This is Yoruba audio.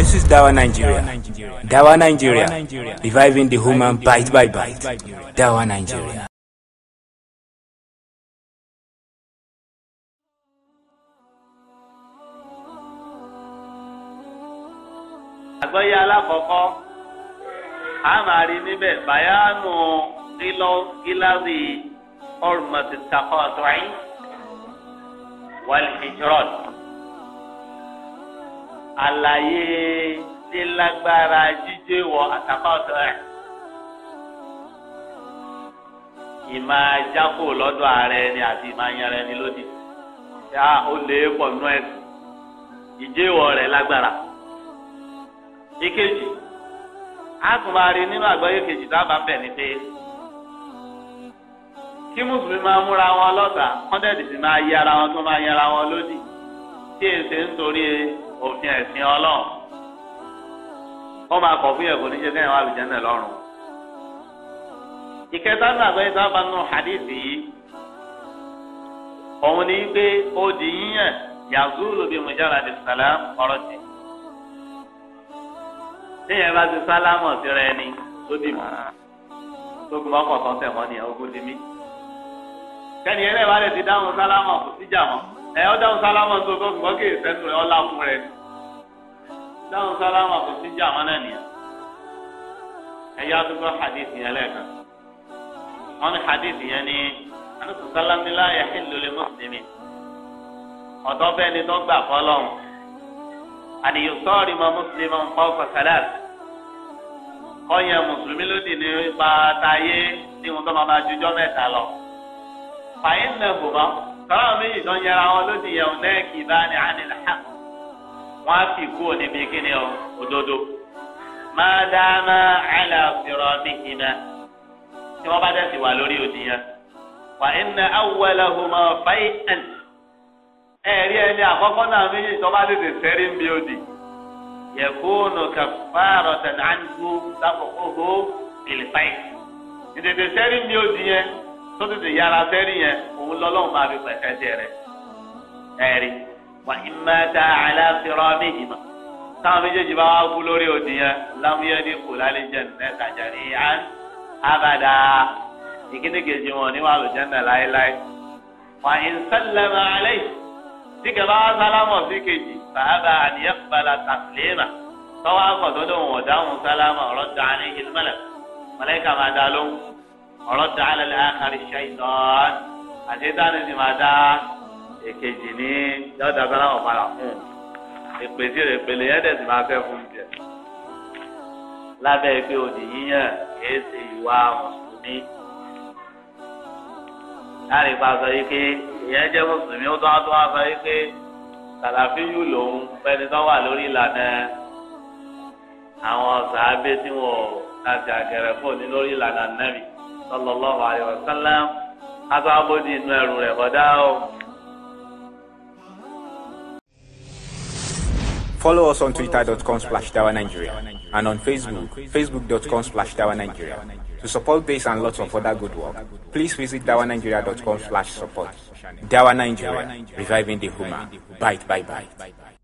This is Dawa Nigeria. Dawa Nigeria. Reviving the human bite by bite. Dawa Nigeria. àgbọ́yé alákọ̀ọ́kọ́ a máa rí níbẹ̀ bàyánù gíláàsì ọ̀rùmọ̀tì takọ̀tọ̀ yìí wàlìhìjọ́rọ̀tì. àlàyé lílágbára jíjẹ wọ àtàkọ́tọ̀ ẹ̀. ìmọ̀ ajáko lọ́dọ̀ ààrẹ ni àti ìmọ̀ ẹni lódì. yá ó lè pọ̀ nú ẹ̀sìn ìjẹ́wọ̀ rẹ̀ lágbára. ìkejì a nínú àgbáyé kejì dábàá ń bẹ̀ ni pé kí mùsùlùmí máa múra wọn lọ́tà kọ́ńdẹ̀dì sì máa yára wọn tó máa yára wọn lódì tí èsè ń torí òfin ẹ̀sìn ọlọ́run wọ́n máa kọ̀ fún yẹn kò ní jẹ́ kẹ́yìn wá lùjẹ́ náà lọ́rùn. ìkẹta náà àgbẹ̀ sábà nù hadith yìí òun ni pé ó di yíyàn yazulu bi mujarradi salam ọ̀rọ̀ tì. téèyàn bá ti sálámọ̀ síra ẹni tó dì mọ́ tókùn bá kọ̀ sọ́sẹ̀ mọ́ ni ogun di mí. kẹ́ni lè ti dáhùn sálámọ̀ kò síjà mọ́ ẹ ọ dáhùn sálámà tó tó ṣùgbọ́n kì í sẹ́nu rẹ̀ ọlá fún rẹ̀ dáhùn sálámà kò sí jà mọ́ náà nìyẹn ẹ yá tó gbọ́ hadith yẹn lẹ́ẹ̀kan wọ́n ní hadith yẹn ní anusu sálámílá yẹn ló lè mùsùlùmí ọ̀dọ́ bẹ́ẹ̀ ni tó gbà fọlọ́n àdìyẹ sọ́ọ̀rì mọ́ mùsùlùmí ń pọ́ kọ̀sálàt kọ́yẹ̀ mùsùlùmí ló dì nípa tayé tí wọ́n tó máa ma jujọ́ mẹ́ta lọ fàyín náà bùbá sọ́rọ̀ méjì tó ń yẹra wọn ló ti yẹun náà kì í bá ní ànilá wọn á sì kú òní bí kíni o òdodo máa dá máa àlà fìrọ̀ ní ìmọ̀ tí wọ́n bá dẹ̀ sì wà lórí òdì yẹn wà iná awọ́lẹ̀ ọmọ fáìlẹ̀ ẹ̀rí ẹni àkọ́kọ́ náà méjì tó bá tètè sẹ́rí ń bí òdì yẹ̀kúnù kàfàrọ̀ tẹ̀nánjú sáfòkòhó ìlfàì ìtètè sẹ́rí ń òdì yẹn tó tètè yára sẹ́rí yẹn òun lọ́lọ́run máa fi pẹ̀sẹ̀ sí rẹ̀ ẹ̀rí wà ní mẹ́ta aláfẹ́rọ́ méjì mọ́ táwọn méjèèjì bá wá kú lórí òdì yẹn lámúyẹ́ ní kò lálẹ́ jẹ́ nẹ́ta jàre án abàdà ìkíníkejì wọn níwà lòjẹ́ nà láéláé wà ní sẹ́lẹ̀mà alẹ́ tí kẹfà sálámọ̀ sí kejì bàbá àníyẹ́ kpala tàfìlẹ́mà tọ́wọ́ akọ̀tọ́dọ̀ wọn dáhùn sálámà ọ̀rọ̀ dàní àṣetánì ni màá dá èkejì ní yọ̀dà bẹ́rẹ̀ àwọn padà fún ìpèsè ìpele yẹn dẹ̀ sì fẹ́ fún jẹ. lábẹ́ pé òdì yíyàn kìí ṣe ìwà mùsùlùmí. láàrin ipa sọ yìí pé ìyẹn jẹ́ mùsùlùmí ó tán tó wá sọ yìí pé sàlàfíyù lòun fẹ́ni tó wà lórí ìlànà àwọn sàábé tí wọ́n láti àgẹ̀rẹ̀ fún ní lórí ìlànà nàbì sallallahu alaihi wasallam. inú ẹrù rẹ̀ kọ́dá o. Follow us on twitter.com slash Dawa Nigeria and on Facebook, facebook.com slash Dawa Nigeria. To support this and lots of other good work, please visit dawanigeria.com slash support. Dawa Nigeria, reviving the human. Bite, bye, bye.